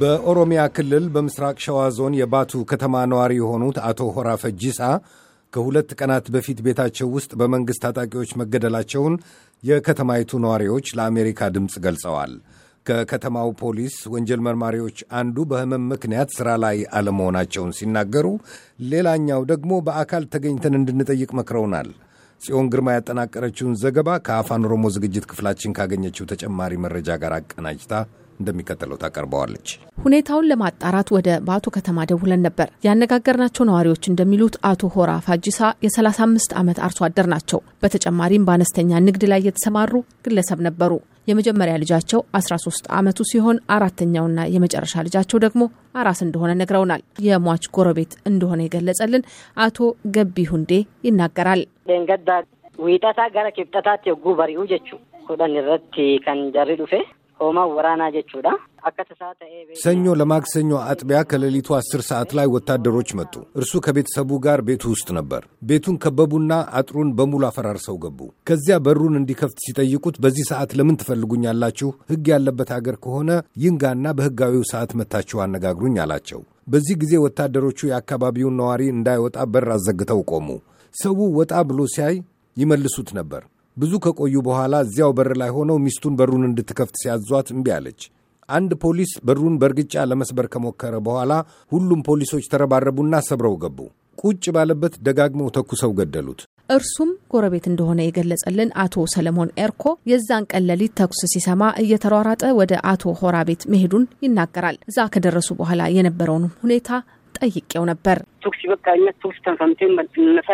በኦሮሚያ ክልል በምስራቅ ሸዋ ዞን የባቱ ከተማ ነዋሪ የሆኑት አቶ ሆራ ፈጂሳ ከሁለት ቀናት በፊት ቤታቸው ውስጥ በመንግሥት ታጣቂዎች መገደላቸውን የከተማይቱ ነዋሪዎች ለአሜሪካ ድምፅ ገልጸዋል። ከከተማው ፖሊስ ወንጀል መርማሪዎች አንዱ በሕመም ምክንያት ሥራ ላይ አለመሆናቸውን ሲናገሩ፣ ሌላኛው ደግሞ በአካል ተገኝተን እንድንጠይቅ መክረውናል። ጽዮን ግርማ ያጠናቀረችውን ዘገባ ከአፋን ኦሮሞ ዝግጅት ክፍላችን ካገኘችው ተጨማሪ መረጃ ጋር አቀናጅታ እንደሚከተለው ታቀርበዋለች። ሁኔታውን ለማጣራት ወደ ባቱ ከተማ ደውለን ነበር። ያነጋገርናቸው ነዋሪዎች እንደሚሉት አቶ ሆራ ፋጂሳ የ35 ዓመት አርሶ አደር ናቸው። በተጨማሪም በአነስተኛ ንግድ ላይ የተሰማሩ ግለሰብ ነበሩ። የመጀመሪያ ልጃቸው 13 ዓመቱ ሲሆን አራተኛውና የመጨረሻ ልጃቸው ደግሞ አራስ እንደሆነ ነግረውናል። የሟች ጎረቤት እንደሆነ የገለጸልን አቶ ገቢ ሁንዴ ይናገራል። ዊጠታ ገረ ቂብጠታቴ የጉ በሪሁ ጀቹ ሁዳን ረቲ ከን ዱፌ ኦማ ወራና ጀቹዳ ሰኞ ለማክሰኞ አጥቢያ ከሌሊቱ አስር ሰዓት ላይ ወታደሮች መጡ። እርሱ ከቤተሰቡ ጋር ቤቱ ውስጥ ነበር። ቤቱን ከበቡና አጥሩን በሙሉ አፈራርሰው ገቡ። ከዚያ በሩን እንዲከፍት ሲጠይቁት በዚህ ሰዓት ለምን ትፈልጉኛላችሁ? ሕግ ያለበት አገር ከሆነ ይንጋና በሕጋዊው ሰዓት መታችሁ አነጋግሩኝ አላቸው። በዚህ ጊዜ ወታደሮቹ የአካባቢውን ነዋሪ እንዳይወጣ በር አዘግተው ቆሙ። ሰው ወጣ ብሎ ሲያይ ይመልሱት ነበር። ብዙ ከቆዩ በኋላ እዚያው በር ላይ ሆነው ሚስቱን በሩን እንድትከፍት ሲያዟት እምቢ አለች። አንድ ፖሊስ በሩን በእርግጫ ለመስበር ከሞከረ በኋላ ሁሉም ፖሊሶች ተረባረቡና ሰብረው ገቡ። ቁጭ ባለበት ደጋግመው ተኩሰው ገደሉት። እርሱም ጎረቤት እንደሆነ የገለጸልን አቶ ሰለሞን ኤርኮ የዛን ቀን ሌሊት ተኩስ ሲሰማ እየተሯራጠ ወደ አቶ ሆራ ቤት መሄዱን ይናገራል። እዛ ከደረሱ በኋላ የነበረውን ሁኔታ ጠይቄው ነበር። ቶክሲ በቃ አይነት ተንፈምቴ መነሳ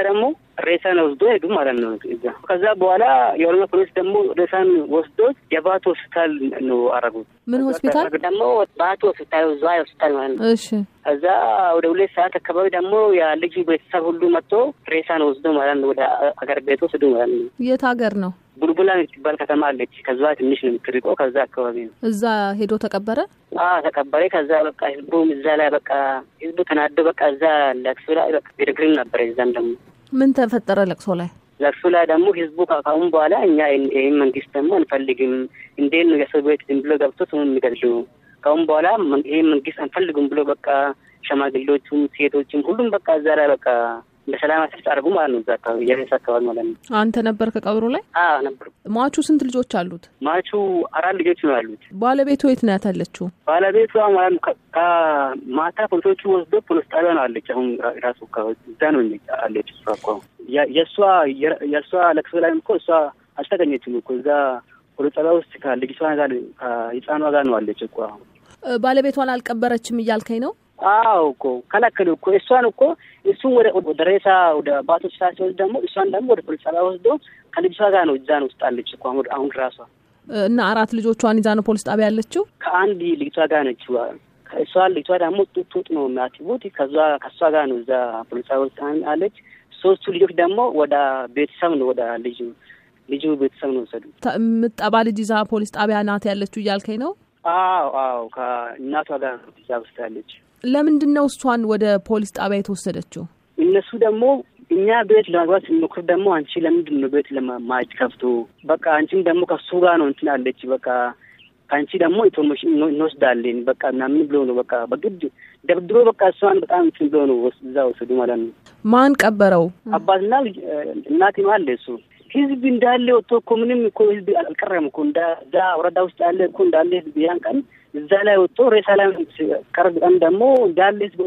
ሬሳን ወስዶ ሄዱ ማለት ነው። እዛ ከዛ በኋላ የኦሮሞ ፖሊስ ደግሞ ሬሳን ወስዶት የባቱ ሆስፒታል ነው አረጉት። ምን ሆስፒታል ደግሞ ባቱ ሆስፒታል፣ ዛ ሆስፒታል ማለት ነው። እሺ ከዛ ወደ ሁለት ሰዓት አካባቢ ደግሞ የልጁ ቤተሰብ ሁሉ መጥቶ ሬሳን ወስዶ ማለት ነው ወደ ሀገር ቤት ወስዶ ማለት ነው። የት ሀገር ነው? ቡልቡላ የምትባል ከተማ አለች። ከዛ ትንሽ ነው የምትርቆ። ከዛ አካባቢ ነው። እዛ ሄዶ ተቀበረ ተቀበረ። ከዛ በቃ ህዝቡም እዛ ላይ በቃ ህዝቡ ተናዶ በቃ እዛ ለክሱ ላይ በቃ ግርግርም ነበረ። እዛም ደግሞ ምን ተፈጠረ? ለቅሶ ላይ ለቅሶ ላይ ደግሞ ህዝቡ ከአሁን በኋላ እኛ ይህን መንግስት ደግሞ አንፈልግም፣ እንዴት ነው የሰው ቤት ዝም ብሎ ገብቶ ሰውን የሚገድሉ? ከአሁን በኋላ ይህ መንግስት አንፈልግም ብሎ በቃ ሸማግሌዎቹም ሴቶችም ሁሉም በቃ እዛ ላይ በቃ ለሰላም ሰልፍ አድርጉ ማለት ነው። እዛ አካባቢ የሬስ አካባቢ ማለት ነው። አንተ ነበር ከቀብሩ ላይ? አዎ ነበርኩ። ማቹ ስንት ልጆች አሉት? ማቹ አራት ልጆች ነው ያሉት። ባለቤቱ የት ናት ያለችው? ባለቤቱ ማለት ከማታ ፖሊሶቹ ወስዶ ፖሊስ ጣቢያ ነው አለች። አሁን ራሱ እዛ ነው አለች። እሷ እኮ የእሷ የእሷ ለቅሶ ላይ እኮ እሷ አልተገኘችም እኮ እዛ ፖሊስ ጣቢያ ውስጥ ከልጅቷ ጋር ከህፃኗ ጋር ነው አለች እኮ። ባለቤቷን አልቀበረችም እያልከኝ ነው? አዎ እኮ ከለከሉ እኮ እሷን እኮ እሱን ወደ ደሬሳ ወደ ባቶ ሳ ሲወስድ ደግሞ እሷን ደግሞ ወደ ፖሊስ ጣቢያ ወስዶ ከልጅሷ ጋር ነው እዛን ውስጥ አለች እኮ አሁን ራሷ እና አራት ልጆቿን ይዛ ነው ፖሊስ ጣቢያ ያለችው። ከአንድ ልጅቷ ጋር ነች። እሷ ልጅቷ ደግሞ ጡጡጥ ነው የሚያትቡት። ከዛ ከእሷ ጋር ነው እዛ ፖሊስ ጣቢያ ውስጥ አለች። ሶስቱ ልጆች ደግሞ ወደ ቤተሰብ ነው ወደ ልጅ ልጁ ቤተሰብ ነው ወሰዱ። ምጠባ ልጅ ይዛ ፖሊስ ጣቢያ ናት ያለችው እያልከኝ ነው? አዎ አዎ፣ ከእናቷ ጋር ነው እዛ ውስጥ ያለች ለምንድን ነው እሷን ወደ ፖሊስ ጣቢያ የተወሰደችው? እነሱ ደግሞ እኛ ቤት ለመግባት ስንሞክር ደግሞ አንቺ ለምንድን ነው ቤት ለማጭ ከፍቶ በቃ አንቺም ደግሞ ከሱ ጋር ነው እንትን አለች በቃ ከአንቺ ደግሞ ኢንፎርሜሽን እንወስዳለን በቃ ምናምን ብሎ ነው በቃ በግድ ደብድሮ በቃ እሷን በጣም እንትን ብሎ ነው እዛ ወሰዱ ማለት ነው። ማን ቀበረው? አባትና እናቴ ነው አለ እሱ ህዝብ እንዳለ ወጥቶ እኮ ምንም እኮ ህዝብ አልቀረም እኮ እዛ ወረዳ ውስጥ ያለ እኮ እንዳለ ህዝብ ያን ቀን እዛ ላይ ወጥቶ ሬሳ ላይ ቀርብ ደግሞ እንዳለ ህዝብ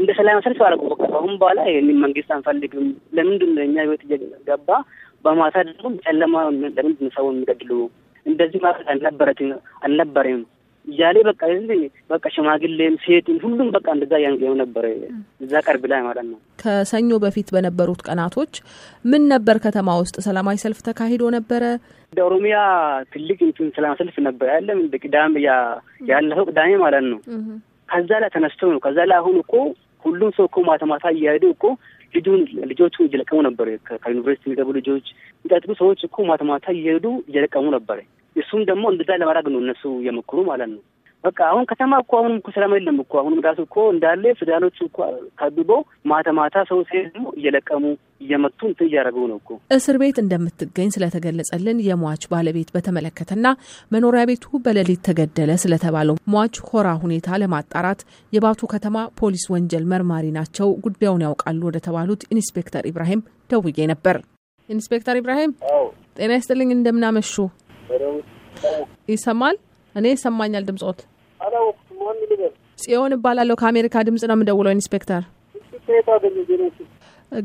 እንደ ሰላም ሰልፍ አደረጉ። በቃ አሁን በኋላ ይህንን መንግስት አንፈልግም፣ ለምንድን ነው እኛ ህይወት ገባ በማታ ደግሞ ጨለማ ለምንድን ሰው የሚገድሉ? እንደዚህ ማለት አልነበረትም አልነበረም እያሌ በቃ እዚህ በቃ ሽማግሌም ሴትም ሁሉም በቃ እንደዛ ያንገው ነበር እዛ ቀርብ ላይ ማለት ነው። ከሰኞ በፊት በነበሩት ቀናቶች ምን ነበር ከተማ ውስጥ ሰላማዊ ሰልፍ ተካሂዶ ነበረ? እንደ ኦሮሚያ ትልቅ እንትን ሰላማዊ ሰልፍ ነበር ያለም እንደ ቅዳሜ ያለፈው ቅዳሜ ማለት ነው። ከዛ ላይ ተነስቶ ነው ከዛ ላይ አሁን እኮ ሁሉም ሰው እኮ ማታ ማታ እያሄዱ እኮ ልጁን ልጆቹ እየለቀሙ ነበር። ከዩኒቨርሲቲ የሚገቡ ልጆች የሚጠጥቡ ሰዎች እኮ ማታ ማታ እየሄዱ እየለቀሙ ነበር። እሱም ደግሞ እንደዛ ለማድረግ ነው እነሱ የሞከሩ ማለት ነው። በቃ አሁን ከተማ እኮ አሁን እኮ ሰላም የለም እኮ አሁን ዳሱ እኮ እንዳለ ፍዳኖች እኮ ከብቦ ማታ ማታ ሰው ሲሄዱ እየለቀሙ እየመቱ እንትን እያደረጉ ነው እኮ። እስር ቤት እንደምትገኝ ስለተገለጸልን የሟች ባለቤት በተመለከተና መኖሪያ ቤቱ በሌሊት ተገደለ ስለተባለው ሟች ሆራ ሁኔታ ለማጣራት የባቱ ከተማ ፖሊስ ወንጀል መርማሪ ናቸው ጉዳዩን ያውቃሉ ወደ ተባሉት ኢንስፔክተር ኢብራሂም ደውዬ ነበር። ኢንስፔክተር ኢብራሂም ጤና ይስጥልኝ፣ እንደምናመሹ ይሰማል? እኔ ይሰማኛል ድምጾት። ጽዮን እባላለሁ ከአሜሪካ ድምጽ ነው የምደውለው። ኢንስፔክተር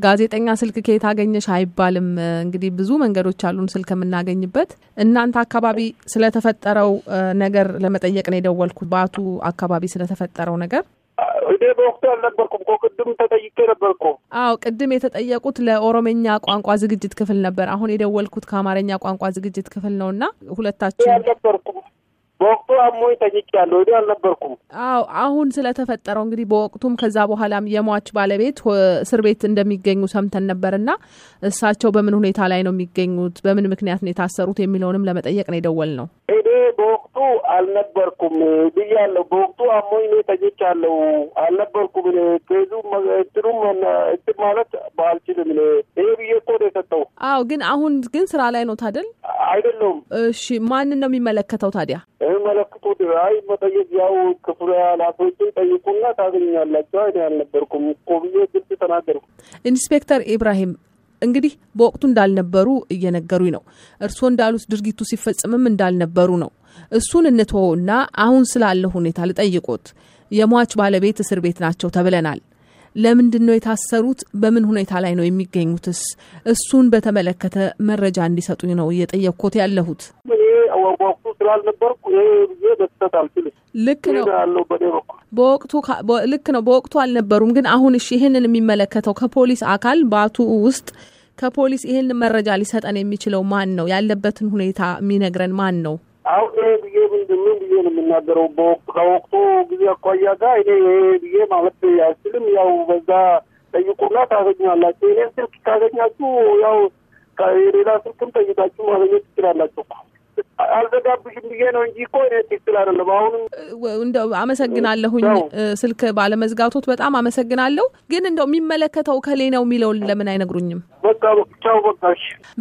ጋዜጠኛ ስልክ ከየት አገኘሽ አይባልም። እንግዲህ ብዙ መንገዶች አሉን ስልክ የምናገኝበት። እናንተ አካባቢ ስለተፈጠረው ነገር ለመጠየቅ ነው የደወልኩት፣ ባቱ አካባቢ ስለተፈጠረው ነገር በወቅቱ አልነበርኩም እኮ ቅድም ተጠይቄ ነበር አዎ ቅድም የተጠየቁት ለኦሮመኛ ቋንቋ ዝግጅት ክፍል ነበር። አሁን የደወልኩት ከአማርኛ ቋንቋ ዝግጅት ክፍል ነው እና ሁለታችሁ አልነበርኩም። በወቅቱ አሞኝ ያለው ወዲያ አልነበርኩም። አዎ አሁን ስለተፈጠረው እንግዲህ በወቅቱም ከዛ በኋላም የሟች ባለቤት እስር ቤት እንደሚገኙ ሰምተን ነበርና እሳቸው በምን ሁኔታ ላይ ነው የሚገኙት፣ በምን ምክንያት ነው የታሰሩት የሚለውንም ለመጠየቅ ነው የደወል ነው። እኔ በወቅቱ አልነበርኩም። እኔ ተኝቻለሁ አልነበርኩም። እኔ ኬዙ እንትኑም እንትን ማለት ባልችልም እኔ ይሄ ብዬ እኮ ነው የሰጠው። አዎ፣ ግን አሁን ግን ስራ ላይ ነው ታደል አይደለሁም። እሺ፣ ማንን ነው የሚመለከተው ታዲያ? የሚመለክቱት ድራይ መጠየቅ ያው ክፍሉ ኃላፊዎችን ጠይቁና ታገኛላቸው። እኔ አልነበርኩም እኮ ብዬ ግልጽ ተናገርኩ። ኢንስፔክተር ኢብራሂም እንግዲህ በወቅቱ እንዳልነበሩ እየነገሩኝ ነው። እርስዎ እንዳሉት ድርጊቱ ሲፈጽምም እንዳልነበሩ ነው። እሱን እንትወውና አሁን ስላለ ሁኔታ ልጠይቆት። የሟች ባለቤት እስር ቤት ናቸው ተብለናል። ለምንድን ነው የታሰሩት? በምን ሁኔታ ላይ ነው የሚገኙትስ? እሱን በተመለከተ መረጃ እንዲሰጡኝ ነው እየጠየቅኩት ያለሁት። ወቅቱ ስላልነበርኩ ይሄ ብዬ ልክ ነው በወቅቱ ልክ ነው። በወቅቱ አልነበሩም። ግን አሁን እሺ፣ ይህንን የሚመለከተው ከፖሊስ አካል ባቱ ውስጥ ከፖሊስ ይህን መረጃ ሊሰጠን የሚችለው ማን ነው? ያለበትን ሁኔታ የሚነግረን ማን ነው? አሁን ይሄ ብዬ ምንድን ምን ብዬ ነው የምናገረው? ከወቅቱ ጊዜ አኳያ ጋር እኔ ይሄ ብዬ ማለት አልችልም። ያው በዛ ጠይቁና ታገኛላችሁ። እኔ ስልክ ካገኛችሁ ያው የሌላ ስልክም ጠይቃችሁ ማገኘት ትችላላችሁ። አልዘጋብሽም ብዬ ነው እንጂ እኮ እኔ ትክክል አይደለም። አሁንም እንደው አመሰግናለሁኝ ስልክ ባለመዝጋቶት በጣም አመሰግናለሁ። ግን እንደው የሚመለከተው ከሌ ነው የሚለውን ለምን አይነግሩኝም?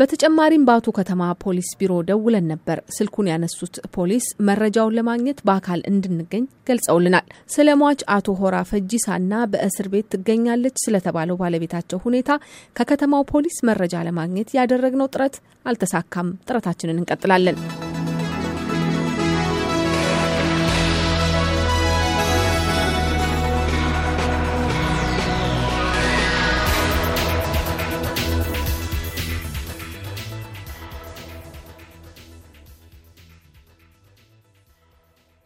በተጨማሪም በአቶ ከተማ ፖሊስ ቢሮ ደውለን ነበር። ስልኩን ያነሱት ፖሊስ መረጃውን ለማግኘት በአካል እንድንገኝ ገልጸውልናል። ስለ ሟች አቶ ሆራ ፈጂሳና በእስር ቤት ትገኛለች ስለተባለው ባለቤታቸው ሁኔታ ከከተማው ፖሊስ መረጃ ለማግኘት ያደረግነው ጥረት አልተሳካም። ጥረታችንን እንቀጥላለን።